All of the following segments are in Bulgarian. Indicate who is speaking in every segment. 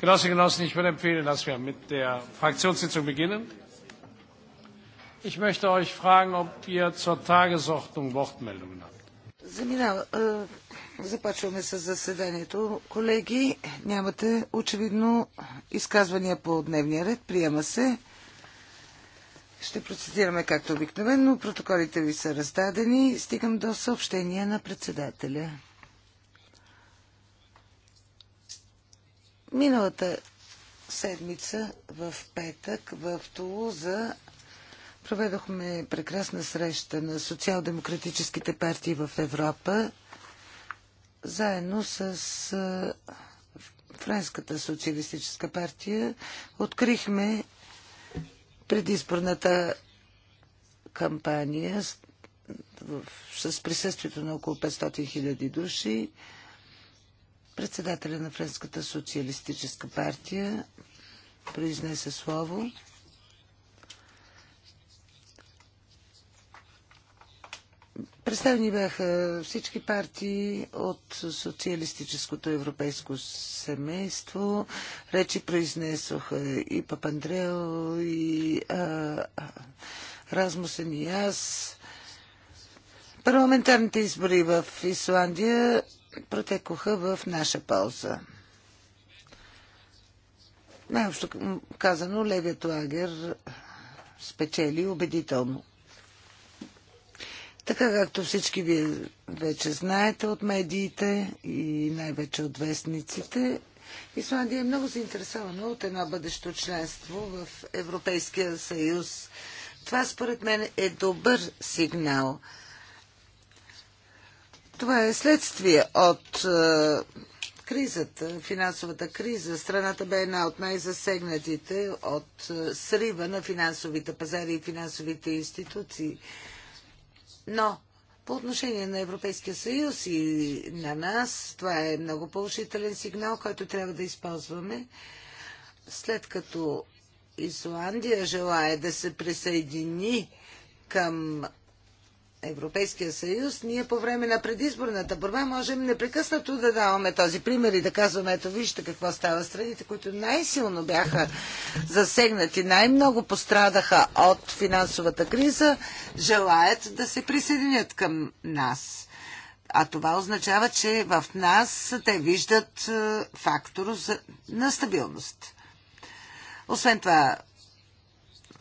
Speaker 1: Genossinnen und Genossen, ich würde empfehlen, dass wir mit der Fraktionssitzung beginnen. Ich möchte euch fragen, ob ihr zur Tagesordnung Wortmeldungen habt.
Speaker 2: Е, започваме с заседанието. Колеги, нямате очевидно изказвания по дневния ред. Приема се. Ще процедираме както обикновено. Протоколите ви са раздадени. Стигам до съобщения на председателя. Миналата седмица в петък в Тулуза проведохме прекрасна среща на социал-демократическите партии в Европа заедно с Френската социалистическа партия. Открихме предизборната кампания с присъствието на около 500 000 души. Председателя на Френската социалистическа партия произнесе слово. Представени бяха всички партии от социалистическото европейско семейство. Речи произнесоха и Папандрео, и а, Размусен, и аз. Парламентарните избори в Исландия протекоха в наша полза. Най-общо казано, левият лагер спечели убедително. Така както всички вие вече знаете от медиите и най-вече от вестниците, Исландия е много заинтересована от едно бъдещо членство в Европейския съюз. Това според мен е добър сигнал – това е следствие от е, кризата, финансовата криза. Страната бе една от най-засегнатите от е, срива на финансовите пазари и финансовите институции. Но по отношение на Европейския съюз и на нас, това е много положителен сигнал, който трябва да използваме. След като Исландия желая да се присъедини към Европейския съюз, ние по време на предизборната борба можем непрекъснато да даваме този пример и да казваме, ето вижте какво става страните, които най-силно бяха засегнати, най-много пострадаха от финансовата криза, желаят да се присъединят към нас. А това означава, че в нас те виждат е, фактор на стабилност. Освен това,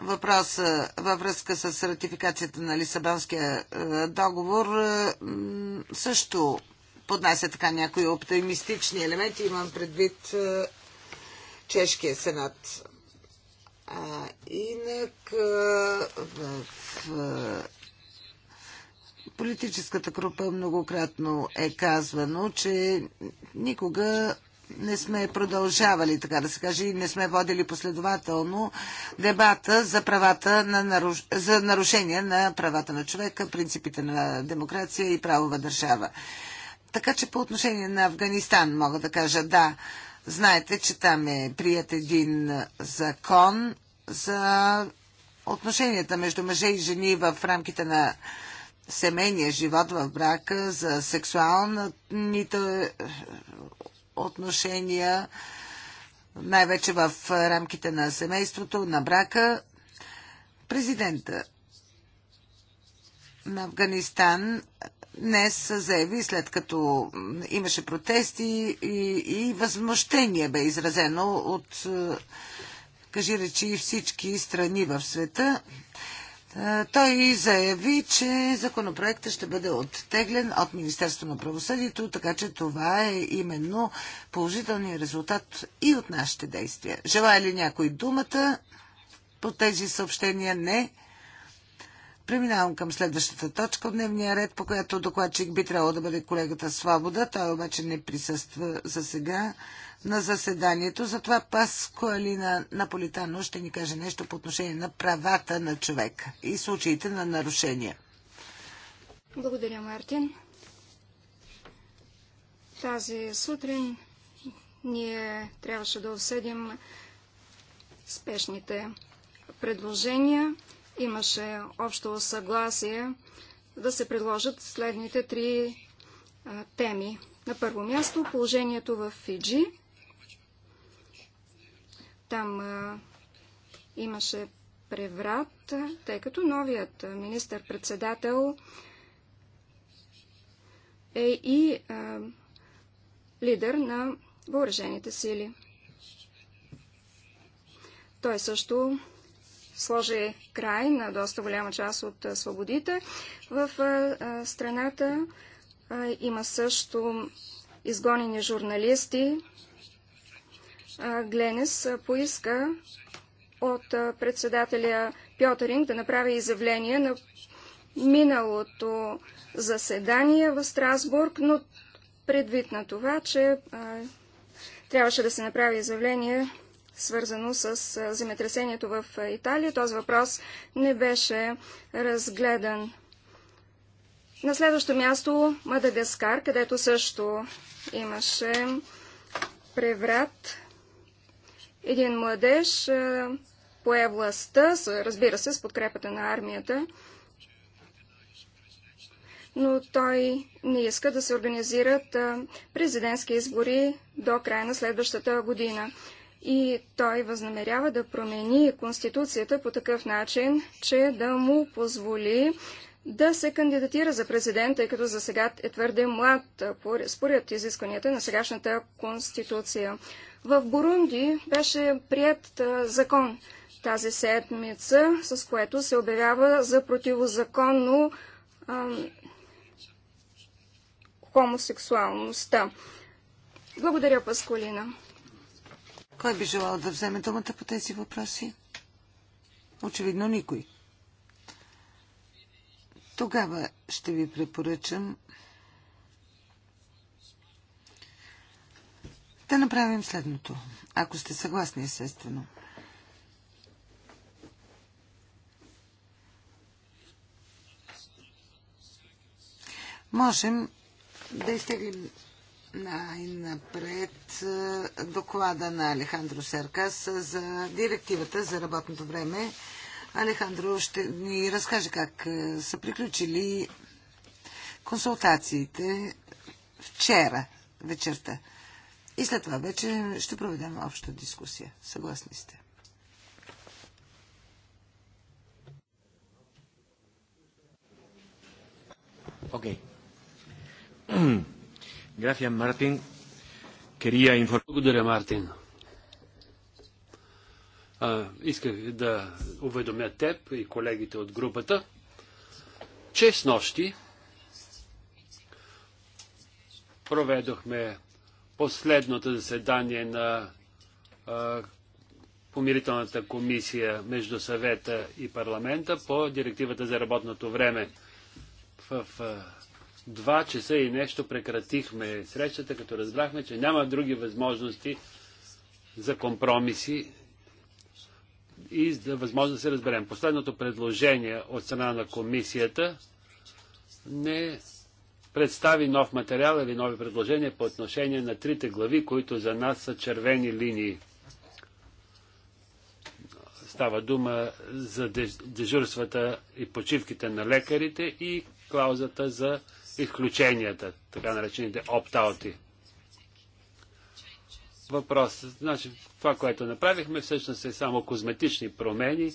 Speaker 2: въпроса във връзка с ратификацията на Лисабонския е, договор е, също поднася така някои оптимистични елементи. Имам предвид е, Чешкия сенат. А, инак в, в политическата група многократно е казвано, че никога не сме продължавали, така да се каже, и не сме водили последователно дебата за, правата на наруш... за нарушение на правата на човека, принципите на демокрация и правова държава. Така че по отношение на Афганистан мога да кажа да. Знаете, че там е прият един закон за отношенията между мъже и жени в рамките на семейния живот в брака, за сексуалните отношения, най-вече в рамките на семейството, на брака. Президента на Афганистан днес заяви, след като имаше протести и, и възмущение бе изразено от, е, кажи речи, всички страни в света, е, той заяви, че законопроектът ще бъде оттеглен от Министерство на правосъдието, така че това е именно положителният резултат и от нашите действия. Желая ли някой думата по тези съобщения? Не. Преминавам към следващата точка от дневния ред, по която докладчик би трябвало да бъде колегата Свобода. Той обаче не присъства за сега на заседанието. Затова Паскуалина Наполитано ще ни каже нещо по отношение на правата на човека и случаите на нарушения.
Speaker 3: Благодаря, Мартин. Тази сутрин ние трябваше да обсъдим спешните предложения имаше общо съгласие да се предложат следните три а, теми. На първо място положението в Фиджи. Там а, имаше преврат, тъй като новият министър-председател е и а, лидер на въоръжените сили. Той също сложи край на доста голяма част от свободите в страната. Има също изгонени журналисти. Гленес поиска от председателя Пьотеринг да направи изявление на миналото заседание в Страсбург, но предвид на това, че трябваше да се направи изявление свързано с земетресението в Италия. Този въпрос не беше разгледан. На следващо място Мадагаскар, където също имаше преврат. Един младеж пое властта, разбира се, с подкрепата на армията, но той не иска да се организират президентски избори до края на следващата година и той възнамерява да промени Конституцията по такъв начин, че да му позволи да се кандидатира за президент, тъй като за сега е твърде млад, според изискванията на сегашната Конституция. В Бурунди беше прият закон тази седмица, с което се обявява за противозаконно хомосексуалността. Благодаря, Пасколина.
Speaker 2: Кой би желал да вземе думата по тези въпроси? Очевидно никой. Тогава ще ви препоръчам да направим следното, ако сте съгласни, естествено. Можем да изтеглим най-напред е, доклада на Алехандро Серкас за директивата за работното време. Алехандро ще ни разкаже как е, са приключили консултациите вчера вечерта. И след това вече ще проведем обща дискусия. Съгласни сте.
Speaker 1: Окей. Okay. Gracias, Благодаря, Мартин. А, исках да уведомя теб и колегите от групата, че с нощи проведохме последното заседание на а, помирителната комисия между съвета и парламента по директивата за работното време в два часа и нещо прекратихме срещата, като разбрахме, че няма други възможности за компромиси и за възможност да се разберем. Последното предложение от страна на комисията не представи нов материал или нови предложения по отношение на трите глави, които за нас са червени линии. Става дума за дежурствата и почивките на лекарите и клаузата за изключенията, така наречените опт-аути. Въпрос. Значи, това, което направихме, всъщност е само козметични промени,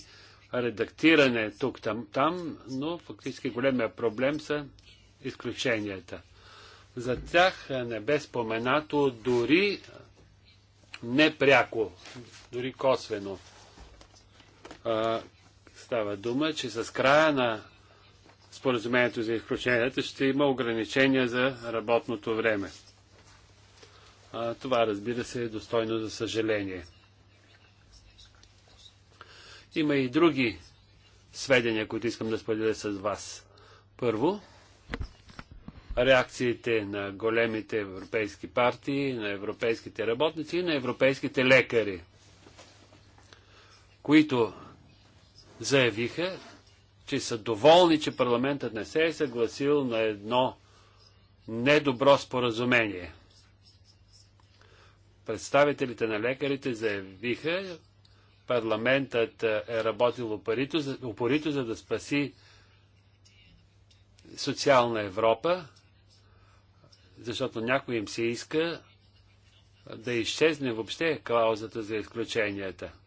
Speaker 1: редактиране тук-там-там, но фактически големия проблем са изключенията. За тях не бе споменато дори непряко, дори косвено. А, става дума, че с края на споразумението за изключенията ще има ограничения за работното време. А, това, разбира се, е достойно за съжаление. Има и други сведения, които искам да споделя с вас. Първо, реакциите на големите европейски партии, на европейските работници и на европейските лекари, които заявиха, че са доволни, че парламентът не се е съгласил на едно недобро споразумение. Представителите на лекарите заявиха, парламентът е, е работил упорито, упорито за да спаси социална Европа, защото някой им се иска да изчезне въобще клаузата за изключенията –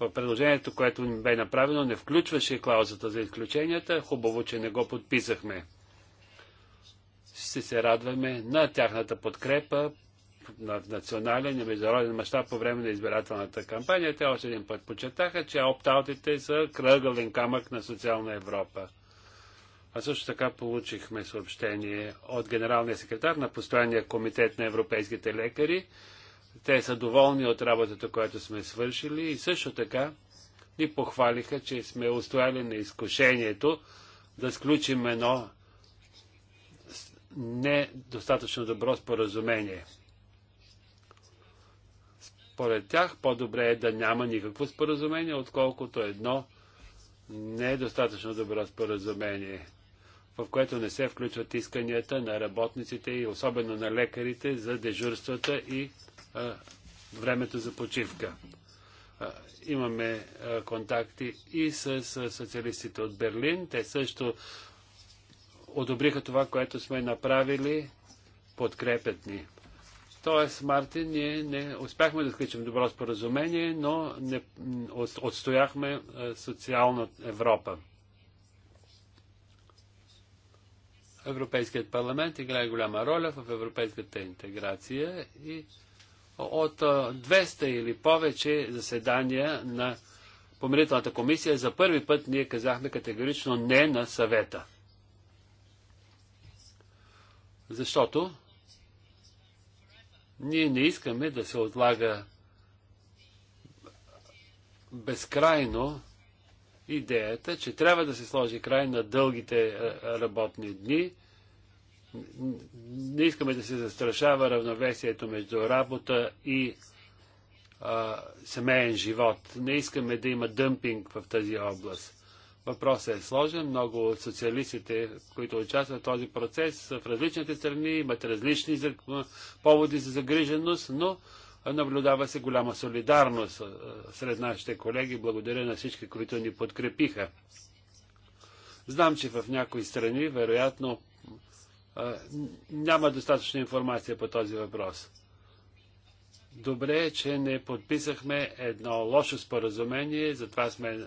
Speaker 1: в предложението, което ни бе направено, не включваше клаузата за изключенията. Хубаво, че не го подписахме. Ще се радваме на тяхната подкрепа на национален и международен мащаб по време на избирателната кампания. Те още един път подчертаха, че оптаутите са кръгълен камък на социална Европа. А също така получихме съобщение от генералния секретар на Постоянния комитет на европейските лекари, те са доволни от работата, която сме свършили и също така ни похвалиха, че сме устояли на изкушението да сключим едно недостатъчно добро споразумение. Според тях по-добре е да няма никакво споразумение, отколкото едно недостатъчно добро споразумение, в което не се включват исканията на работниците и особено на лекарите за дежурствата и времето за почивка. Имаме контакти и с социалистите от Берлин. Те също одобриха това, което сме направили, подкрепят ни. Тоест, Мартин, ние не успяхме да сключим добро споразумение, но не отстояхме социална Европа. Европейският парламент играе голяма роля в европейската интеграция и от 200 или повече заседания на помирителната комисия. За първи път ние казахме категорично не на съвета. Защото ние не искаме да се отлага безкрайно идеята, че трябва да се сложи край на дългите работни дни, не искаме да се застрашава равновесието между работа и а, семейен живот. Не искаме да има дъмпинг в тази област. Въпросът е сложен. Много от социалистите, които участват в този процес, в различните страни имат различни поводи за загриженост, но наблюдава се голяма солидарност сред нашите колеги. Благодаря на всички, които ни подкрепиха. Знам, че в някои страни, вероятно, няма достатъчно информация по този въпрос. Добре е, че не подписахме едно лошо споразумение, затова сме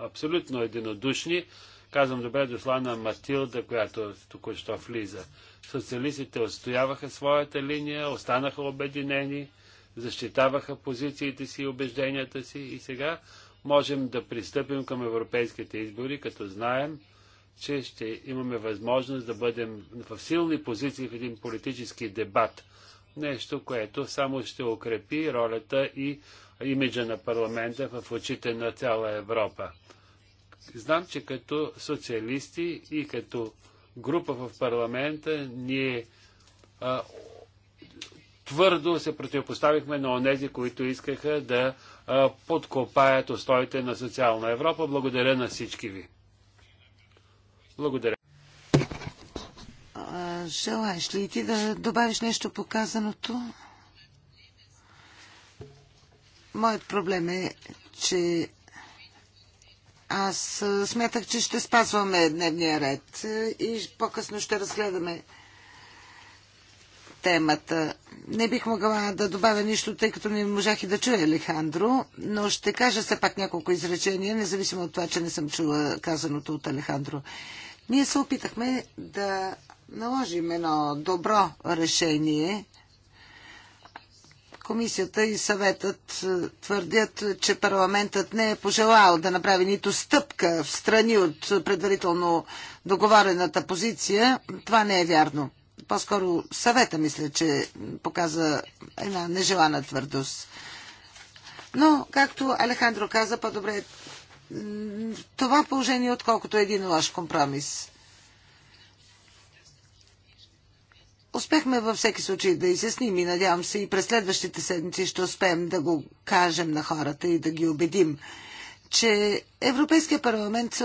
Speaker 1: абсолютно единодушни. Казвам добре дошла на Матилда, която току-що влиза. Социалистите отстояваха своята линия, останаха обединени, защитаваха позициите си и убежденията си и сега можем да пристъпим към европейските избори, като знаем, че ще имаме възможност да бъдем в силни позиции в един политически дебат. Нещо, което само ще укрепи ролята и имиджа на парламента в очите на цяла Европа. Знам, че като социалисти и като група в парламента ние а, твърдо се противопоставихме на онези, които искаха да а, подкопаят устоите на социална Европа. Благодаря на всички ви. Благодаря.
Speaker 2: Желаеш ли ти да добавиш нещо по казаното? Моят проблем е, че аз смятах, че ще спазваме дневния ред и по-късно ще разгледаме темата. Не бих могла да добавя нищо, тъй като не можах и да чуя Алехандро, но ще кажа все пак няколко изречения, независимо от това, че не съм чула казаното от Алехандро. Ние се опитахме да наложим едно добро решение. Комисията и съветът е, твърдят, че парламентът не е пожелал да направи нито стъпка в страни от предварително договорената позиция. Това не е вярно. По-скоро съвета мисля, че показа една нежелана твърдост. Но, както Алехандро каза, по-добре е това положение, отколкото един лош компромис. Успехме във всеки случай да изясним и надявам се и през следващите седмици ще успеем да го кажем на хората и да ги убедим, че Европейския парламент се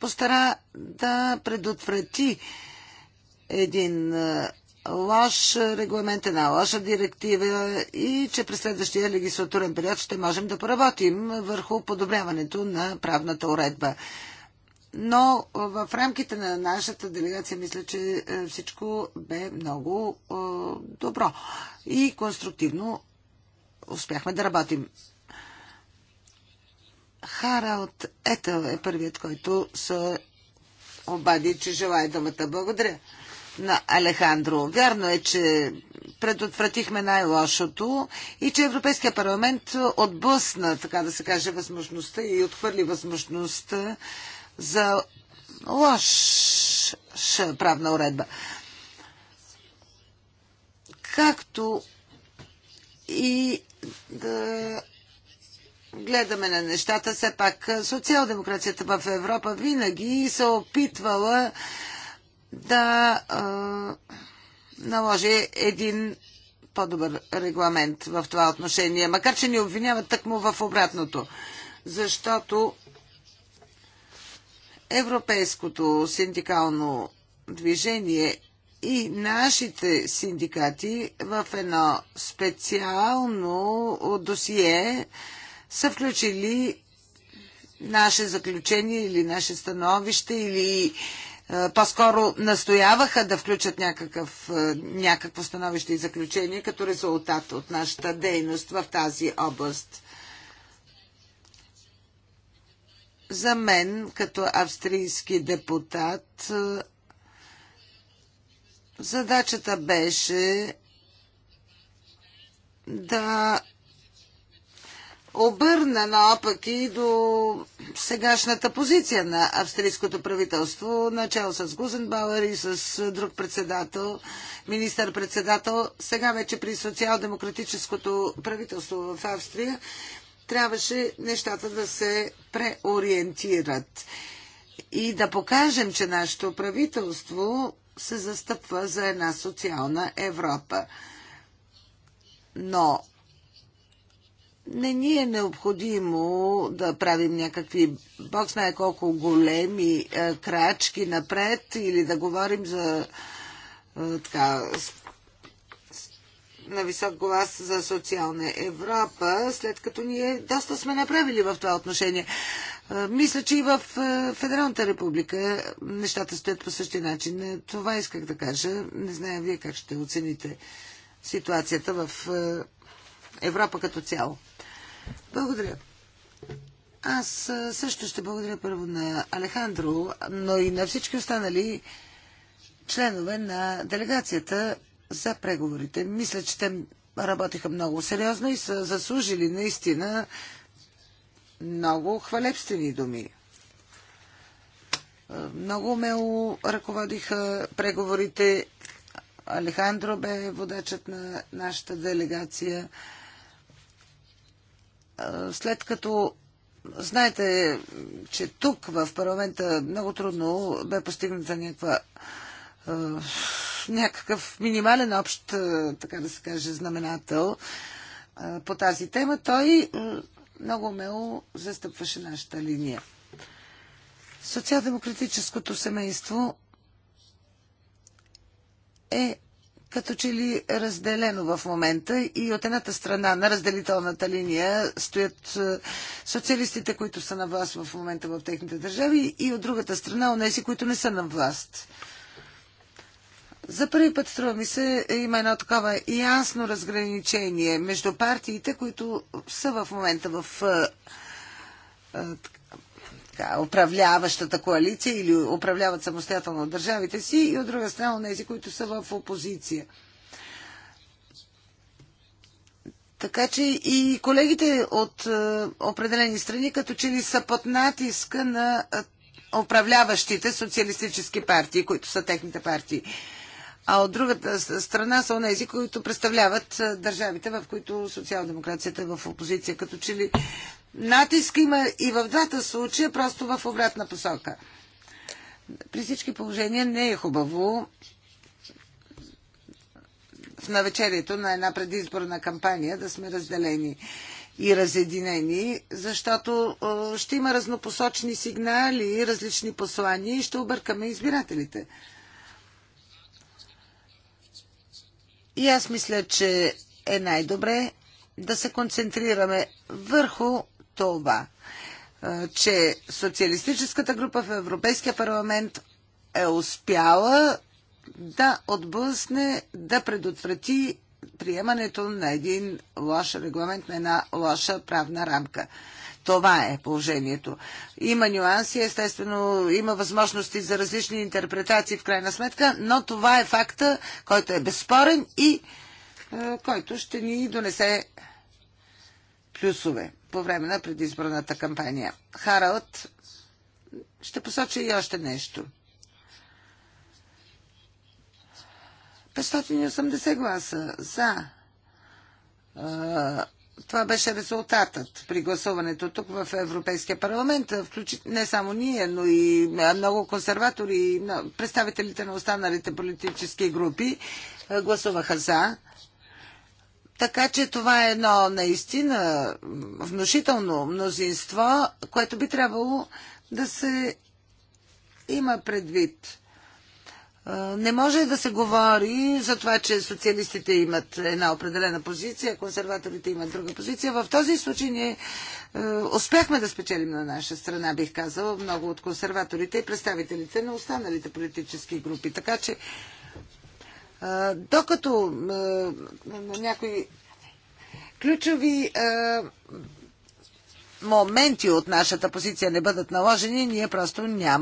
Speaker 2: постара да предотврати един лош регламент, една лоша директива и че през следващия легислатурен период ще можем да поработим върху подобряването на правната уредба. Но в рамките на нашата делегация мисля, че е, всичко бе много е, добро и конструктивно успяхме да работим. Харалд Етел е първият, който се обади, че желая думата. Благодаря на Алехандро. Вярно е, че предотвратихме най-лошото и че Европейския парламент отблъсна, така да се каже, възможността и отхвърли възможността за лоша правна уредба. Както и да гледаме на нещата, все пак социал-демокрацията в Европа винаги се опитвала да а, наложи един по-добър регламент в това отношение. Макар, че ни обвиняват тъкмо в обратното. Защото европейското синдикално движение и нашите синдикати в едно специално досие са включили наше заключение или наше становище или по-скоро настояваха да включат някакъв, някакво становище и заключение като резултат от нашата дейност в тази област. За мен, като австрийски депутат, задачата беше да обърна наопак и до сегашната позиция на австрийското правителство, начало с Гузенбауер и с друг председател, министър-председател. Сега вече при социал-демократическото правителство в Австрия трябваше нещата да се преориентират и да покажем, че нашето правителство се застъпва за една социална Европа. Но не ни е необходимо да правим някакви, бог знае колко големи а, е, крачки напред или да говорим за а, е, така, на висок глас за социална Европа, след като ние доста сме направили в това отношение. Е, мисля, че и в Федералната република нещата стоят по същия начин. Това исках да кажа. Не зная вие как ще оцените ситуацията в Европа като цяло. Благодаря. Аз също ще благодаря първо на Алехандро, но и на всички останали членове на делегацията за преговорите. Мисля, че те работиха много сериозно и са заслужили наистина много хвалебствени думи. Много умело ръководиха преговорите. Алехандро бе водачът на нашата делегация след като знаете, че тук в парламента много трудно бе постигната някаква някакъв минимален общ, така да се каже, знаменател по тази тема, той много умело застъпваше нашата линия. Социал-демократическото семейство е като че ли разделено в момента и от едната страна на разделителната линия стоят е, социалистите, които са на власт в момента в техните държави и от другата страна онези, които не са на власт. За първи път, струва ми се, има едно такова ясно разграничение между партиите, които са в момента в е, е, така, управляващата коалиция или управляват самостоятелно държавите си и от друга страна тези, които са в опозиция. Така че и колегите от е, определени страни като че ли са под натиска на е, управляващите социалистически партии, които са техните партии. А от другата страна са онези, които представляват е, държавите, в които социал-демокрацията е в опозиция. Като че ли Натиск има и в двата случая, просто в обратна посока. При всички положения не е хубаво в навечерието на една предизборна кампания да сме разделени и разединени, защото ще има разнопосочни сигнали, различни послания и ще объркаме избирателите. И аз мисля, че е най-добре да се концентрираме върху това, че социалистическата група в Европейския парламент е успяла да отблъсне, да предотврати приемането на един лош регламент, на една лоша правна рамка. Това е положението. Има нюанси, естествено, има възможности за различни интерпретации в крайна сметка, но това е факта, който е безспорен и е, който ще ни донесе плюсове по време на предизборната кампания. Харалд ще посочи и още нещо. 580 гласа за. Това беше резултатът при гласуването тук в Европейския парламент. не само ние, но и много консерватори и представителите на останалите политически групи гласуваха за така че това е едно наистина внушително мнозинство, което би трябвало да се има предвид. Не може да се говори за това, че социалистите имат една определена позиция, консерваторите имат друга позиция. В този случай ние успяхме да спечелим на наша страна, бих казала, много от консерваторите и представителите на останалите политически групи. Така че докато някои ключови моменти от нашата позиция не бъдат наложени, ние просто няма